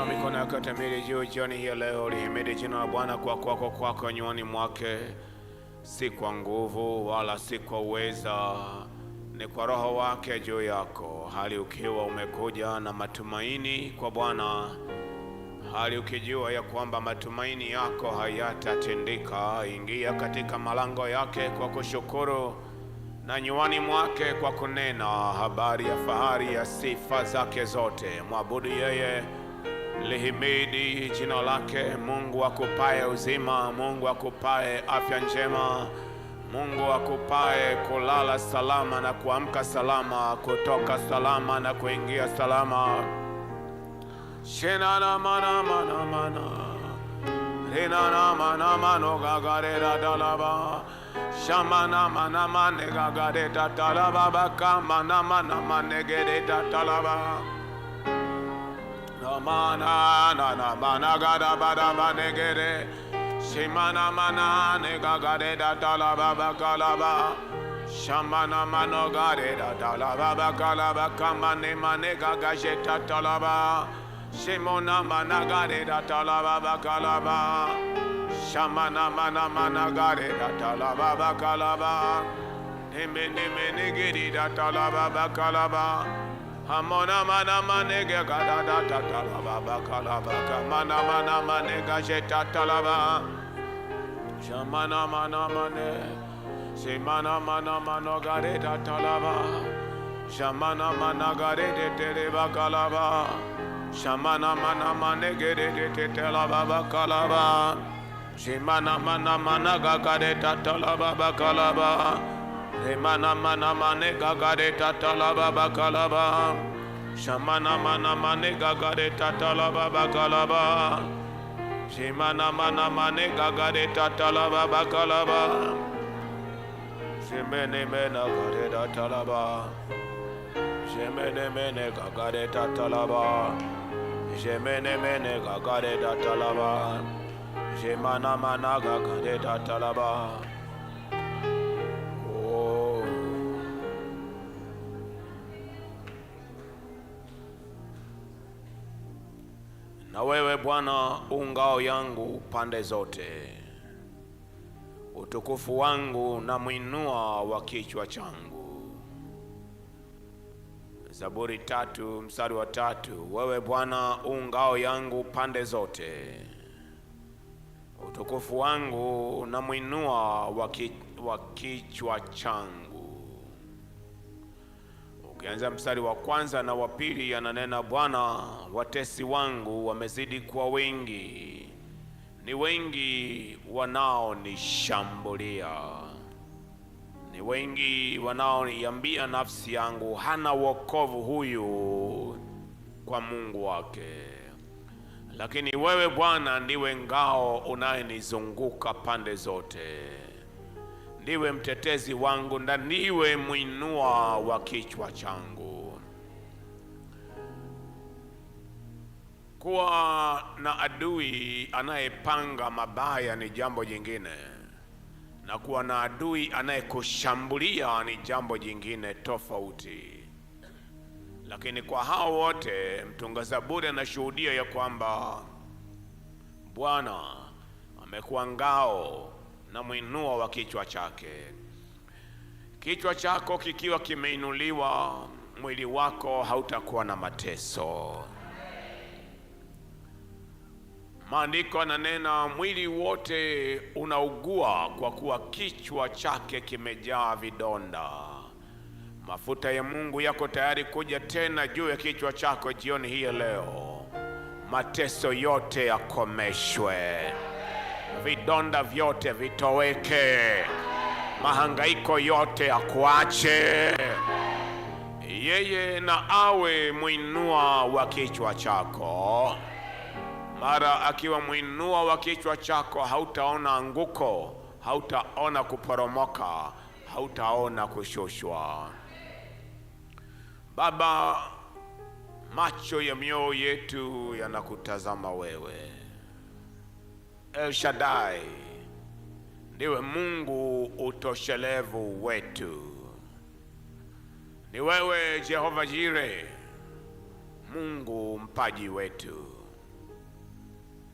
Inua mikono yako kamili juu jioni hiyo leo, ulihimidi jina la Bwana kwa kwako kwako nywani mwake, si kwa nguvu wala si kwa uweza, ni kwa roho wake juu yako, hali ukiwa umekuja na matumaini kwa Bwana, hali ukijua ya kwamba matumaini yako hayatatindika. Ingia katika malango yake kwa kushukuru na nyuani mwake kwa kunena habari ya fahari ya sifa zake zote. Mwabudu yeye lihimidi jina lake Mungu akupaye uzima, Mungu akupaye afya njema, Mungu akupaye kulala salama na kuamka salama, kutoka salama na kuingia salama. shenanamanamanaman rinanamanamanogagareratalaba shamanamanamanegagaretatalavavakamanamanamanegeretatalawa Somana na na bana gada bada bane gere. Simana mana ne gagare da tala baba kalaba. Shamana mano gare da tala baba kalaba kamane mane gagaje ta talaba. Simona mana gare da tala baba kalaba. Shamana mana mana gare da tala baba kalaba. Nimene mene gere da tala baba kalaba. Amona mana manega gada da da ta ta la ba ba ka la ba ka mana mana manega je ta ta la ba. Shamana mana mane. Se mana mana mano gare da ta la ba. Shamana mana gare de te de ba ka la ba. Shamana mana manega de de te te la ba ba ka la ba. Shimana mana mana ga gare ta ta la ba ba ka la ba. Emana mana mane gagare tatalaba kalaba. Shamana mana mane gagare tatalaba kalaba. Shimana mana mane gagare tatalaba bakalaba. Shimene mena gagare tatalaba. Shimene mene gagare tatalaba. Shimene mene gagare ba. Shimana mana gagare ba. na wewe Bwana ungao yangu pande zote, utukufu wangu na mwinua wa kichwa changu. Zaburi tatu mstari wa tatu. Wewe Bwana ungao yangu pande zote, utukufu wangu na mwinua wa kichwa changu. Ukianza mstari wa kwanza na wa pili, ananena Bwana, watesi wangu wamezidi kuwa wengi, ni wengi wanaonishambulia, ni wengi wanaoniambia nafsi yangu, hana wokovu huyu kwa Mungu wake. Lakini wewe Bwana ndiwe ngao unayenizunguka pande zote ndiwe mtetezi wangu na ndiwe mwinua wa kichwa changu. Kuwa na adui anayepanga mabaya ni jambo jingine, na kuwa na adui anayekushambulia ni jambo jingine tofauti. Lakini kwa hao wote mtunga Zaburi anashuhudia ya kwamba Bwana amekuwa ngao na mwinua wa kichwa chake. Kichwa chako kikiwa kimeinuliwa, mwili wako hautakuwa na mateso. Maandiko ananena mwili wote unaugua kwa kuwa kichwa chake kimejaa vidonda. Mafuta ya Mungu yako tayari kuja tena juu ya kichwa chako jioni hii leo. Mateso yote yakomeshwe vidonda vyote vitoweke, mahangaiko yote akuache. Yeye na awe mwinua wa kichwa chako. Mara akiwa mwinua wa kichwa chako, hautaona anguko, hautaona kuporomoka, hautaona kushushwa. Baba, macho ya mioyo yetu yanakutazama wewe El Shaddai ndiwe Mungu utoshelevu wetu. Ni wewe Jehova Jire, Mungu mpaji wetu.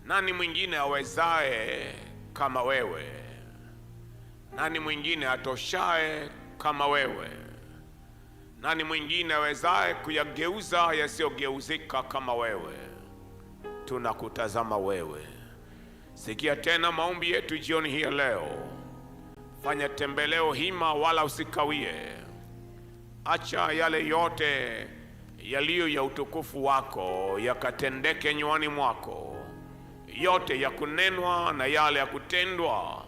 Nani mwingine awezaye kama wewe? Nani mwingine atoshaye kama wewe? Nani mwingine awezaye kuyageuza yasiyogeuzika kama wewe? Tunakutazama wewe Sikia tena maombi yetu jioni hii leo. Fanya tembeleo hima, wala usikawie. Acha yale yote yaliyo ya utukufu wako yakatendeke nywani mwako, yote ya kunenwa na yale ya kutendwa.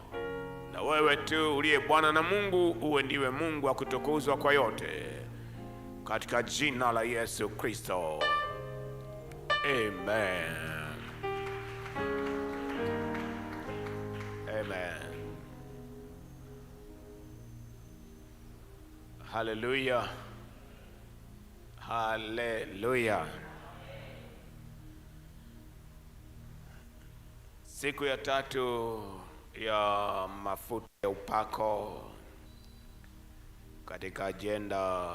Na wewe tu uliye Bwana na Mungu, uwe ndiwe Mungu akutukuzwa kwa yote, katika jina la Yesu Kristo, amen. Amen. Hallelujah. Hallelujah. Siku ya tatu ya mafuta ya upako katika ajenda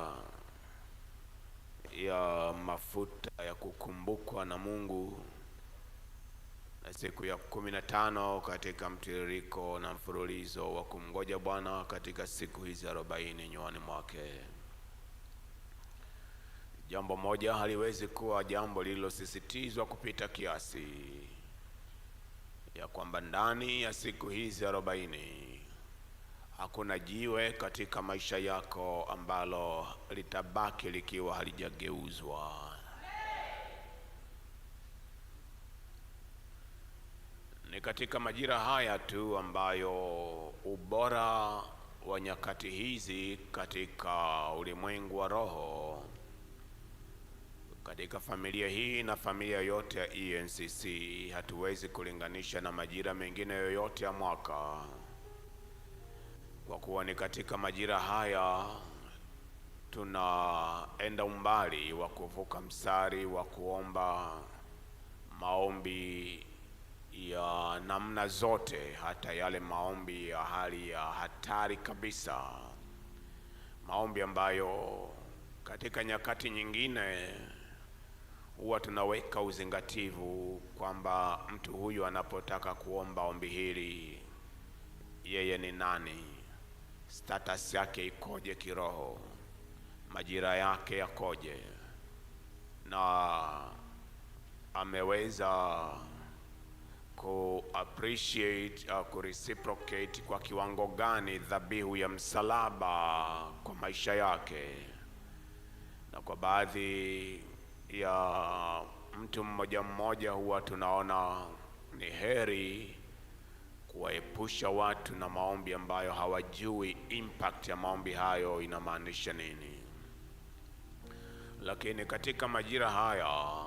ya mafuta ya kukumbukwa na Mungu na siku ya kumi na tano katika mtiririko na mfululizo wa kumngoja Bwana katika siku hizi arobaini nywani mwake. Jambo moja haliwezi kuwa jambo lililosisitizwa kupita kiasi, ya kwamba ndani ya siku hizi arobaini hakuna jiwe katika maisha yako ambalo litabaki likiwa halijageuzwa. katika majira haya tu ambayo ubora wa nyakati hizi katika ulimwengu wa roho, katika familia hii na familia yote ya ENCC hatuwezi kulinganisha na majira mengine yoyote ya mwaka, kwa kuwa ni katika majira haya tunaenda umbali wa kuvuka mstari wa kuomba maombi ya namna zote, hata yale maombi ya hali ya hatari kabisa, maombi ambayo katika nyakati nyingine huwa tunaweka uzingativu kwamba mtu huyu anapotaka kuomba ombi hili, yeye ni nani, status yake ikoje kiroho, majira yake yakoje, na ameweza ku appreciate uh, ku reciprocate kwa kiwango gani dhabihu ya msalaba kwa maisha yake, na kwa baadhi ya mtu mmoja mmoja huwa tunaona ni heri kuwaepusha watu na maombi ambayo hawajui impact ya maombi hayo inamaanisha nini, lakini katika majira haya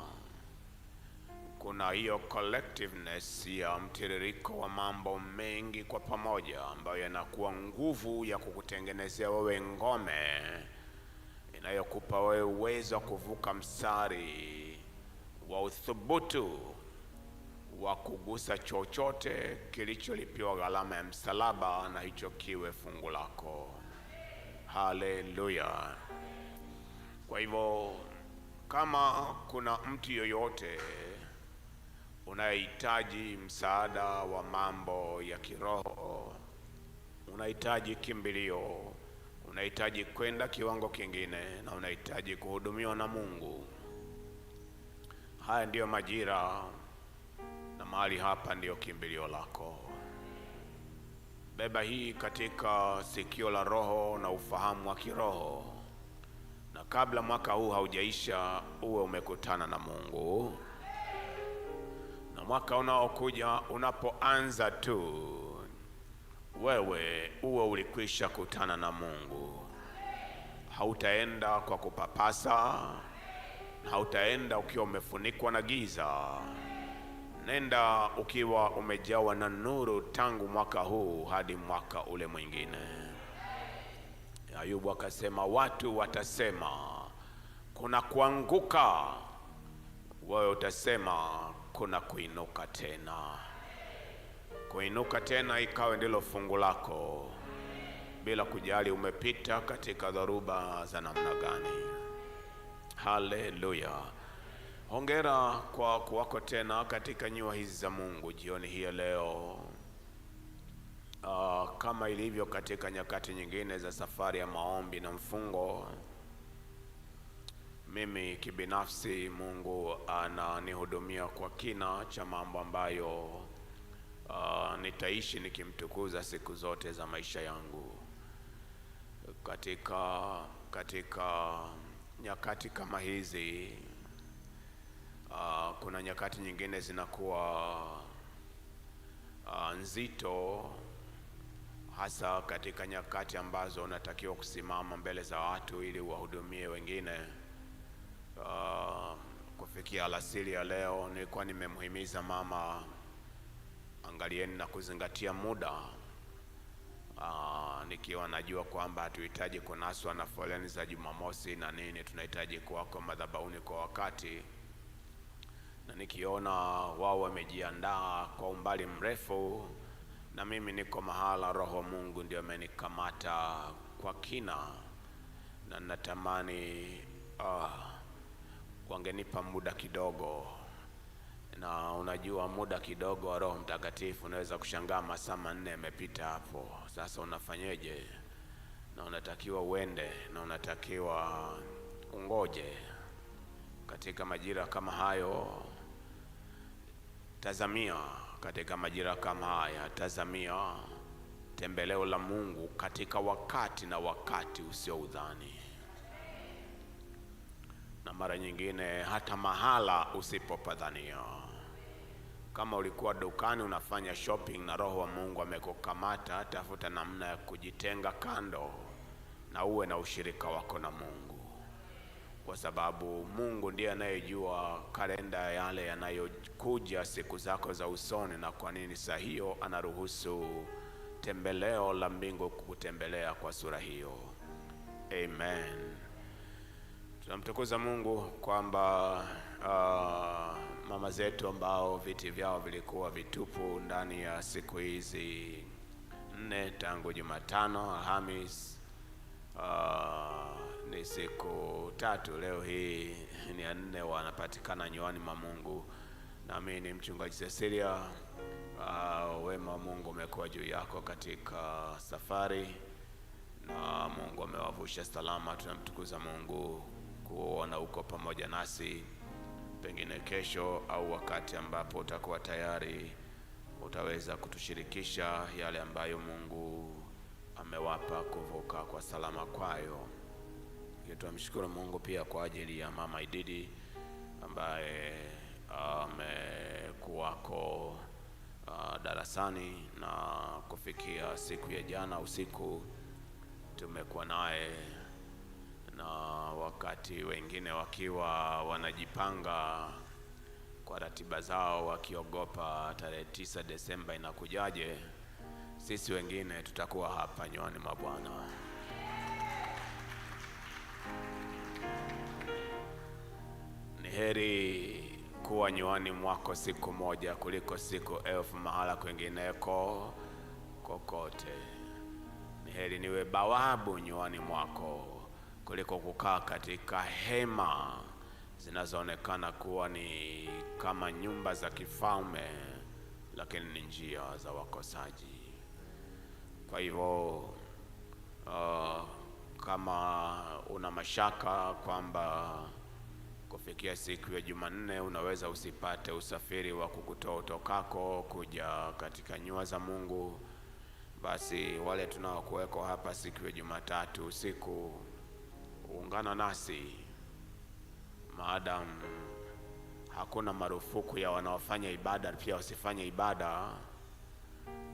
kuna hiyo collectiveness ya mtiririko wa mambo mengi kwa pamoja, ambayo yanakuwa nguvu ya kukutengenezea wewe ngome inayokupa wewe uwezo wa kuvuka mstari wa uthubutu wa kugusa chochote kilicholipiwa gharama ya msalaba, na hicho kiwe fungu lako. Haleluya! Kwa hivyo kama kuna mtu yoyote unahitaji msaada wa mambo ya kiroho, unahitaji kimbilio, unahitaji kwenda kiwango kingine, na unahitaji kuhudumiwa na Mungu. Haya ndiyo majira na mahali hapa ndiyo kimbilio lako. Beba hii katika sikio la roho na ufahamu wa kiroho, na kabla mwaka huu haujaisha, uwe umekutana na Mungu mwaka unaokuja unapoanza tu, wewe uwe ulikwisha kutana na Mungu. Hautaenda kwa kupapasa, hautaenda ukiwa umefunikwa na giza. Nenda ukiwa umejawa na nuru, tangu mwaka huu hadi mwaka ule mwingine. Ayubu akasema, watu watasema kuna kuanguka, wewe utasema kwako na kuinuka tena, kuinuka tena ikawe ndilo fungu lako, bila kujali umepita katika dharuba za namna gani. Haleluya! Hongera kwa kuwako tena katika nyua hizi za Mungu jioni hii leo. Uh, kama ilivyo katika nyakati nyingine za safari ya maombi na mfungo mimi kibinafsi Mungu ah, ananihudumia kwa kina cha mambo ambayo uh, nitaishi nikimtukuza siku zote za maisha yangu. Katika katika nyakati kama hizi uh, kuna nyakati nyingine zinakuwa uh, nzito hasa katika nyakati ambazo unatakiwa kusimama mbele za watu ili wahudumie wengine. Ah, kufikia alasiri ya leo nilikuwa nimemhimiza mama, angalieni na kuzingatia muda Aa, ah, nikiwa najua kwamba hatuhitaji kunaswa na foleni za Jumamosi na nini, tunahitaji kuwako madhabahuni kwa wakati, na nikiona wao wamejiandaa kwa umbali mrefu na mimi niko mahala, roho Mungu ndio amenikamata kwa kina na natamani uh, wangenipa muda kidogo. Na unajua muda kidogo wa Roho Mtakatifu, unaweza kushangaa masaa manne yamepita hapo. Sasa unafanyeje? Na unatakiwa uende na unatakiwa ungoje. Katika majira kama hayo, tazamia. Katika majira kama haya, tazamia tembeleo la Mungu katika wakati na wakati usio udhani na mara nyingine hata mahala usipopadhania. Kama ulikuwa dukani unafanya shopping na Roho wa Mungu amekukamata, tafuta namna ya kujitenga kando na uwe na ushirika wako na Mungu, kwa sababu Mungu ndiye anayejua kalenda yale yanayokuja siku zako za usoni, na kwa nini saa hiyo anaruhusu tembeleo la mbingu kukutembelea kwa sura hiyo. Amen. Tunamtukuza Mungu kwamba uh, mama zetu ambao viti vyao vilikuwa vitupu ndani ya siku hizi nne tangu Jumatano, Alhamis uh, ni siku tatu, leo hii ni ya nne, wanapatikana nyoani mwa Mungu. Nami ni mchungaji Cecilia. Uh, wema wa Mungu umekuwa juu yako katika safari na Mungu amewavusha salama. Tunamtukuza Mungu kuona uko pamoja nasi, pengine kesho au wakati ambapo utakuwa tayari utaweza kutushirikisha yale ambayo Mungu amewapa kuvuka kwa salama kwayo. Tunamshukuru Mungu pia kwa ajili ya Mama Ididi ambaye ah, amekuwako uh, darasani na kufikia siku ya jana usiku tumekuwa naye na wakati wengine wakiwa wanajipanga kwa ratiba zao wakiogopa tarehe tisa Desemba inakujaje, sisi wengine tutakuwa hapa nywani mwa Bwana. Ni heri kuwa nywani mwako siku moja kuliko siku elfu mahala kwingineko kokote. Ni heri niwe bawabu nywani mwako kuliko kukaa katika hema zinazoonekana kuwa ni kama nyumba za kifalme, lakini ni njia za wakosaji. Kwa hivyo uh, kama una mashaka kwamba kufikia siku ya Jumanne unaweza usipate usafiri wa kukutoa utokako kuja katika nyua za Mungu, basi wale tunaokuweko hapa siku ya Jumatatu usiku kuungana nasi maadamu hakuna marufuku ya wanaofanya ibada pia wasifanye ibada.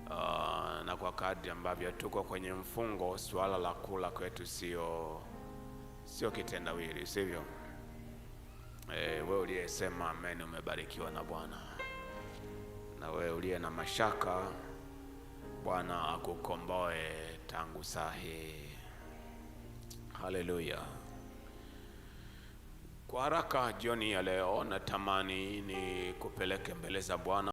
Uh, na kwa kadri ambavyo tuko kwenye mfungo, suala la kula kwetu sio sio kitendawili, sivyo? Eh, wewe uliyesema amen, umebarikiwa na Bwana. Na wewe uliye na mashaka, Bwana akukomboe tangu saa hii. Haleluya. Kwa haraka jioni ya leo, natamani ni kupeleke mbele za Bwana.